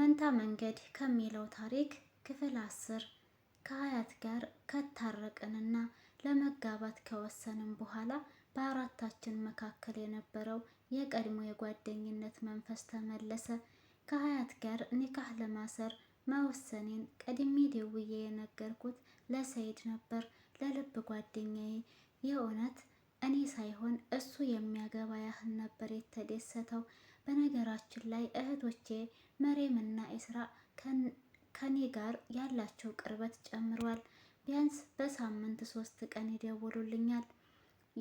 መንታ መንገድ ከሚለው ታሪክ ክፍል አስር ከሀያት ጋር ከታረቅንና ለመጋባት ከወሰንን በኋላ በአራታችን መካከል የነበረው የቀድሞ የጓደኝነት መንፈስ ተመለሰ። ከሀያት ጋር ኒካህ ለማሰር መወሰኔን ቀድሜ ደውዬ የነገርኩት ለሰይድ ነበር። ለልብ ጓደኛዬ የእውነት እኔ ሳይሆን እሱ የሚያገባ ያህል ነበር የተደሰተው። በነገራችን ላይ እህቶቼ መሬም እና ኢስራ ከኔ ጋር ያላቸው ቅርበት ጨምሯል። ቢያንስ በሳምንት ሶስት ቀን ይደውሉልኛል።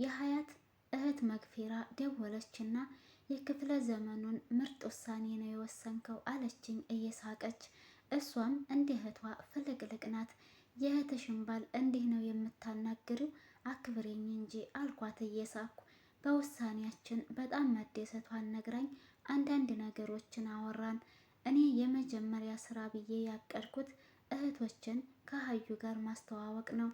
የሀያት እህት መግፌራ ደወለችና የክፍለ ዘመኑን ምርጥ ውሳኔ ነው የወሰንከው አለችኝ እየሳቀች። እሷም እንደ እህቷ ፍልቅልቅ ናት። የእህትሽን ባል እንዲህ ነው የምታናግሪው? አክብሬኝ እንጂ አልኳት እየሳኩ። በውሳኔያችን በጣም መደሰቷን ነግራኝ አንዳንድ ነገሮችን አወራን። እኔ የመጀመሪያ ስራ ብዬ ያቀድኩት እህቶችን ከሀዩ ጋር ማስተዋወቅ ነው።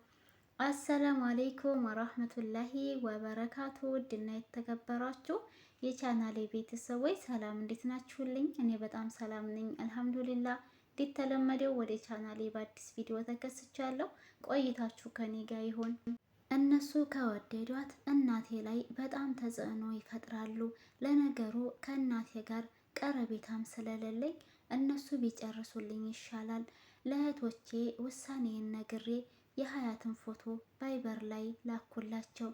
አሰላሙ አሌይኩም ወራህመቱላሂ ወበረካቱ። ውድና የተከበራችሁ የቻናሌ ቤተሰቦች ሰላም፣ እንዴት ናችሁልኝ? እኔ በጣም ሰላም ነኝ አልሐምዱሊላ። እንደተለመደው ወደ ቻናሌ በአዲስ ቪዲዮ ተከስቻለሁ። ቆይታችሁ ከኔ ጋር ይሆን። እነሱ ከወደዷት እናቴ ላይ በጣም ተጽዕኖ ይፈጥራሉ። ለነገሩ ከእናቴ ጋር ቀረቤታም ስለሌለኝ እነሱ ቢጨርሱልኝ ይሻላል። ለእህቶቼ ውሳኔን ነግሬ የሀያትን ፎቶ ቫይበር ላይ ላኩላቸው።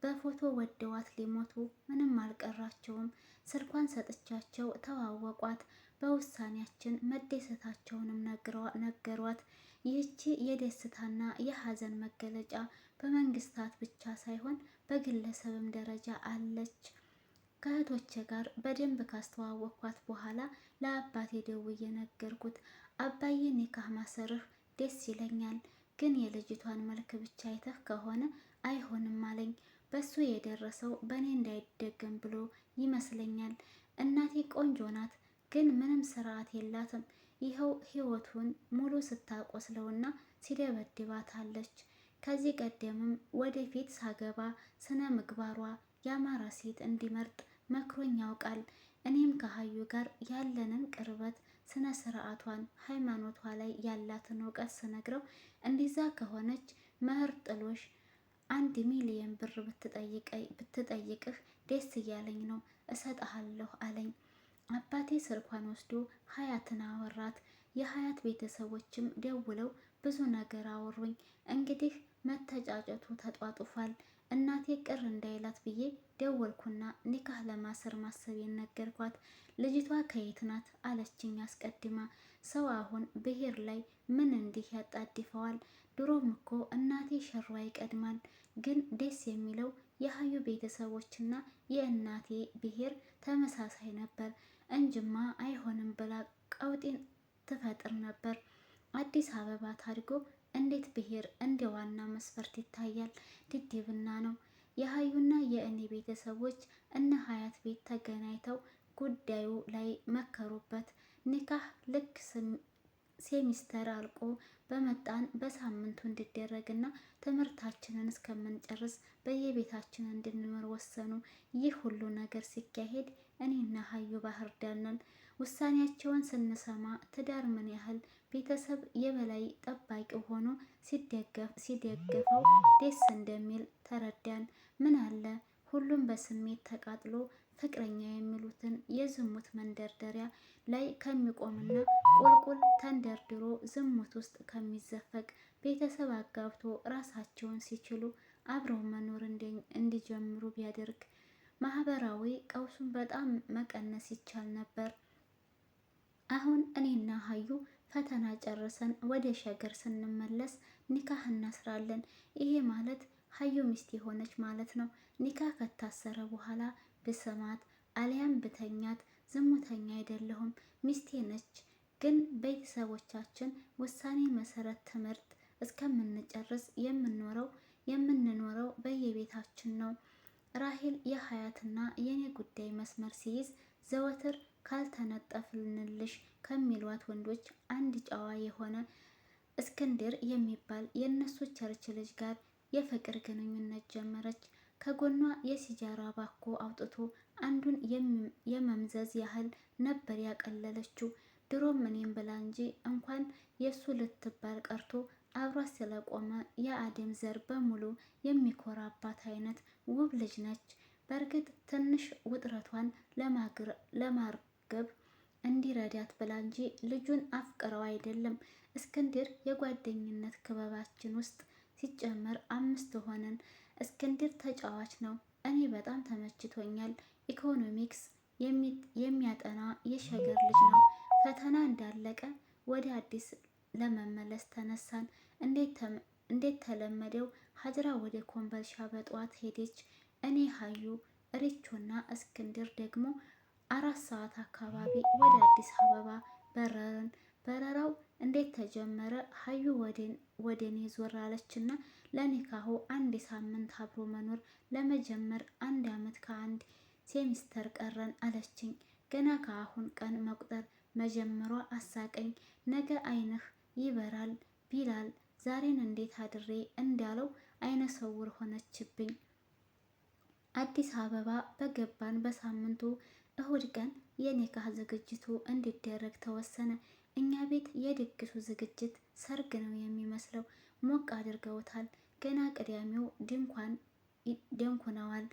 በፎቶ ወደዋት ሊሞቱ ምንም አልቀራቸውም። ስልኳን ሰጥቻቸው ተዋወቋት። በውሳኔያችን መደሰታቸውንም ነገሯት። ይህች የደስታና የሀዘን መገለጫ በመንግስታት ብቻ ሳይሆን በግለሰብም ደረጃ አለች። ከእህቶቼ ጋር በደንብ ካስተዋወቅኳት በኋላ ለአባቴ ደውዬ ነገርኩት። አባዬ ኒካህ ማሰርህ ደስ ይለኛል፣ ግን የልጅቷን መልክ ብቻ አይተህ ከሆነ አይሆንም አለኝ። በሱ የደረሰው በእኔ እንዳይደገም ብሎ ይመስለኛል። እናቴ ቆንጆ ናት፣ ግን ምንም ስርዓት የላትም። ይኸው ህይወቱን ሙሉ ስታቆስለውና ሲደበድባታለች። ከዚህ ቀደምም ወደፊት ሳገባ ስነ ምግባሯ ያማረ ሴት እንዲመርጥ መክሮኝ ያውቃል። እኔም ከሀዩ ጋር ያለንን ቅርበት፣ ስነ ስርዓቷን፣ ሃይማኖቷ ላይ ያላትን እውቀት ስነግረው እንዲዛ ከሆነች መህር ጥሎሽ አንድ ሚሊየን ብር ብትጠይቅህ ደስ እያለኝ ነው እሰጥሃለሁ አለኝ። አባቴ ስልኳን ወስዶ ሀያትን አወራት። የሀያት ቤተሰቦችም ደውለው ብዙ ነገር አወሩኝ። እንግዲህ መተጫጨቱ ተጧጡፏል። እናቴ ቅር እንዳይላት ብዬ ደወልኩና ኒካህ ለማሰር ማሰቤን ነገርኳት። ልጅቷ ከየት ናት አለችኝ አስቀድማ። ሰው አሁን ብሔር ላይ ምን እንዲህ ያጣድፈዋል? ድሮም እኮ እናቴ ሸሯ ይቀድማል። ግን ደስ የሚለው የሀዩ ቤተሰቦችና የእናቴ ብሔር ተመሳሳይ ነበር እንጅማ አይሆንም ብላ ቀውጢን ትፈጥር ነበር። አዲስ አበባ ታድጎ እንዴት ብሄር እንደ ዋና መስፈርት ይታያል? ድድብና ነው። የሀዩና የእኔ ቤተሰቦች እነ ሀያት ቤት ተገናኝተው ጉዳዩ ላይ መከሩበት። ኒካህ ልክ ሴሚስተር አልቆ በመጣን በሳምንቱ እንዲደረግና ትምህርታችንን እስከምንጨርስ በየቤታችን እንድንኖር ወሰኑ። ይህ ሁሉ ነገር ሲካሄድ እኔና ሀዩ ባህር ዳር ነን። ውሳኔያቸውን ስንሰማ ትዳር ምን ያህል ቤተሰብ የበላይ ጠባቂ ሆኖ ሲደገፈው ደስ እንደሚል ተረዳን። ምን አለ ሁሉም በስሜት ተቃጥሎ ፍቅረኛ የሚሉትን የዝሙት መንደርደሪያ ላይ ከሚቆምና ቁልቁል ተንደርድሮ ዝሙት ውስጥ ከሚዘፈቅ ቤተሰብ አጋብቶ ራሳቸውን ሲችሉ አብረው መኖር እንዲጀምሩ ቢያደርግ ማህበራዊ ቀውሱን በጣም መቀነስ ይቻል ነበር። አሁን እኔና ሀዩ ፈተና ጨርሰን ወደ ሸገር ስንመለስ ኒካህ እናስራለን። ይሄ ማለት ሀዩ ሚስት የሆነች ማለት ነው። ኒካህ ከታሰረ በኋላ ብሰማት አሊያም ብተኛት ዝሙተኛ አይደለሁም፣ ሚስቴ ነች። ግን ቤተሰቦቻችን ውሳኔ መሰረት ትምህርት እስከምንጨርስ የምንኖረው የምንኖረው በየቤታችን ነው። ራሄል የሀያትና የኔ ጉዳይ መስመር ሲይዝ ዘወትር ካልተነጠፍልንልሽ ከሚሏት ወንዶች አንድ ጨዋ የሆነ እስክንድር የሚባል የእነሱ ቸርች ልጅ ጋር የፍቅር ግንኙነት ጀመረች። ከጎኗ የሲጃራ ባኮ አውጥቶ አንዱን የመምዘዝ ያህል ነበር ያቀለለችው። ድሮም እኔም ብላ እንጂ እንኳን የእሱ ልትባል ቀርቶ አብሯ ስለቆመ የአደም ዘር በሙሉ የሚኮራባት አይነት ውብ ልጅ ነች። በእርግጥ ትንሽ ውጥረቷን ለማርገብ እንዲረዳት ብላ እንጂ ልጁን አፍቅረው አይደለም። እስክንድር የጓደኝነት ክበባችን ውስጥ ሲጨመር አምስት ሆነን እስክንድር ተጫዋች ነው። እኔ በጣም ተመችቶኛል። ኢኮኖሚክስ የሚያጠና የሸገር ልጅ ነው። ፈተና እንዳለቀ ወደ አዲስ ለመመለስ ተነሳን። እንዴት ተለመደው ሀጅራ ወደ ኮምበልሻ በጠዋት ሄደች። እኔ ሀዩ፣ ሪቾና እስክንድር ደግሞ አራት ሰዓት አካባቢ ወደ አዲስ አበባ በረርን። በረራው እንዴት ተጀመረ? ሀዩ ወደኔ እኔ ዞር አለችና ለኒካሁ አንድ ሳምንት አብሮ መኖር ለመጀመር አንድ አመት ከአንድ ሴሚስተር ቀረን አለችኝ። ገና ከአሁን ቀን መቁጠር መጀመሯ አሳቀኝ። ነገ አይንህ ይበራል ቢላል ዛሬን እንዴት አድሬ እንዳለው አይነ ሰውር ሆነችብኝ። አዲስ አበባ በገባን በሳምንቱ እሁድ ቀን የኒካህ ዝግጅቱ እንዲደረግ ተወሰነ። እኛ ቤት የድግሱ ዝግጅት ሰርግ ነው የሚመስለው። ሞቅ አድርገውታል። ገና ቅዳሜው ድንኳን ደንኩነዋል።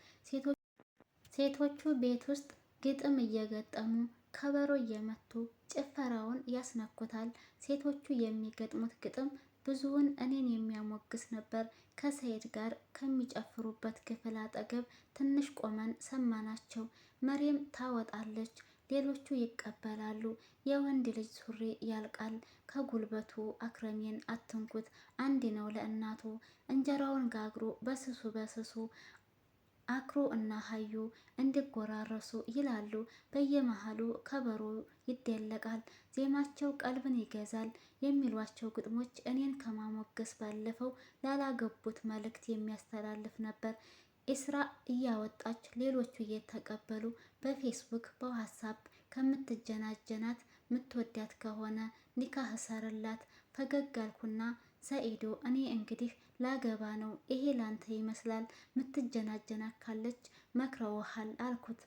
ሴቶቹ ቤት ውስጥ ግጥም እየገጠሙ ከበሮ እየመቱ ጭፈራውን ያስነኩታል። ሴቶቹ የሚገጥሙት ግጥም ብዙውን እኔን የሚያሞግስ ነበር። ከሰይድ ጋር ከሚጨፍሩበት ክፍል አጠገብ ትንሽ ቆመን ሰማናቸው። መሬም ታወጣለች። ሌሎቹ ይቀበላሉ። የወንድ ልጅ ሱሪ ያልቃል። ከጉልበቱ አክረሜን አትንኩት፣ አንድ ነው ለእናቱ። እንጀራውን ጋግሮ በስሱ በስሱ አክሮ እና ሀዩ እንዲጎራረሱ ይላሉ። በየመሃሉ ከበሮ ይደለቃል። ዜማቸው ቀልብን ይገዛል። የሚሏቸው ግጥሞች እኔን ከማሞገስ ባለፈው ላላገቡት መልእክት የሚያስተላልፍ ነበር። ኢስራ እያወጣች ሌሎቹ እየተቀበሉ በፌስቡክ በዋትሳፕ ከምትጀናጀናት ምትወዳት ከሆነ ኒካህ ሰርላት። ፈገግ አልኩና ሰኢዶ እኔ እንግዲህ ላገባ ነው፣ ይሄ ላንተ ይመስላል፣ ምትጀናጀናት ካለች መክረውሃል አልኩት።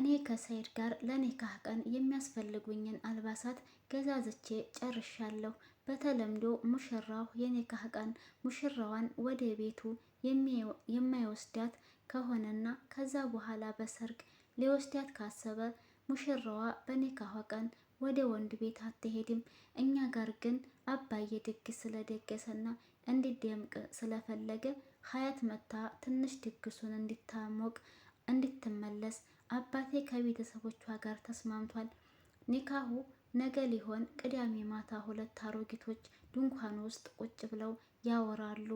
እኔ ከሰይድ ጋር ለኒካህ ቀን የሚያስፈልጉኝን አልባሳት ገዛዝቼ ጨርሻለሁ። በተለምዶ ሙሽራው የኒካህ ቀን ሙሽራዋን ወደ ቤቱ የማይወስዳት ከሆነና ከዛ በኋላ በሰርግ ሊወስዳት ካሰበ ሙሽራዋ በኒካሁ ቀን ወደ ወንድ ቤት አትሄድም። እኛ ጋር ግን አባዬ ድግስ ስለደገሰና እንዲደምቅ ስለፈለገ ሀያት መታ ትንሽ ድግሱን እንዲታሞቅ እንድትመለስ አባቴ ከቤተሰቦቿ ጋር ተስማምቷል። ኒካሁ ነገ ሊሆን ቅዳሜ ማታ ሁለት አሮጊቶች ድንኳን ውስጥ ቁጭ ብለው ያወራሉ።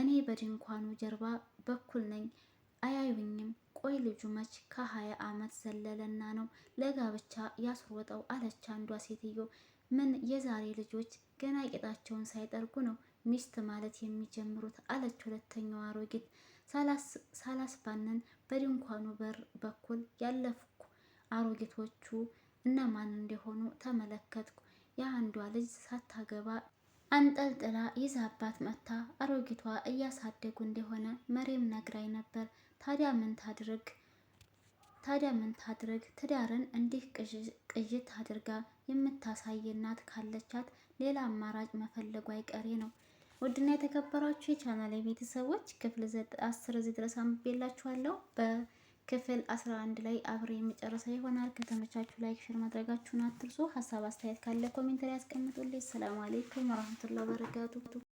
እኔ በድንኳኑ ጀርባ በኩል ነኝ፣ አያዩኝም። ቆይ ልጁ መች ከሀያ ዓመት ዘለለና ነው ለጋብቻ ያስሮጠው? አለች አንዷ ሴትዮ። ምን የዛሬ ልጆች ገና ቂጣቸውን ሳይጠርጉ ነው ሚስት ማለት የሚጀምሩት አለች ሁለተኛዋ አሮጊት። ሳላስፋንን በድንኳኑ በር በኩል ያለፍኩ አሮጊቶቹ እነማን እንደሆኑ ተመለከትኩ። የአንዷ ልጅ ሳታገባ አንጠልጥላ ይዛባት መታ አሮጊቷ እያሳደጉ እንደሆነ መሬም ነግራኝ ነበር። ታዲያ ምን ታድርግ ታዲያ ምን ታድርግ? ትዳርን እንዲህ ቅይት አድርጋ የምታሳይ እናት ካለቻት ሌላ አማራጭ መፈለጉ አይቀሬ ነው። ውድና የተከበራችሁ የቻናል ቤተሰቦች ክፍል አስር እዚህ ድረስ አንብቤላችኋለሁ በ ክፍል 11 ላይ አብሬ የሚጨርሰ ይሆናል። ከተመቻችሁ ላይክ፣ ሼር ማድረጋችሁን አትርሱ። ሀሳብ አስተያየት ካለ ኮሜንት ላይ ያስቀምጡልኝ። ሰላም አሌይኩም ወራህመቱላሂ ወበረካቱ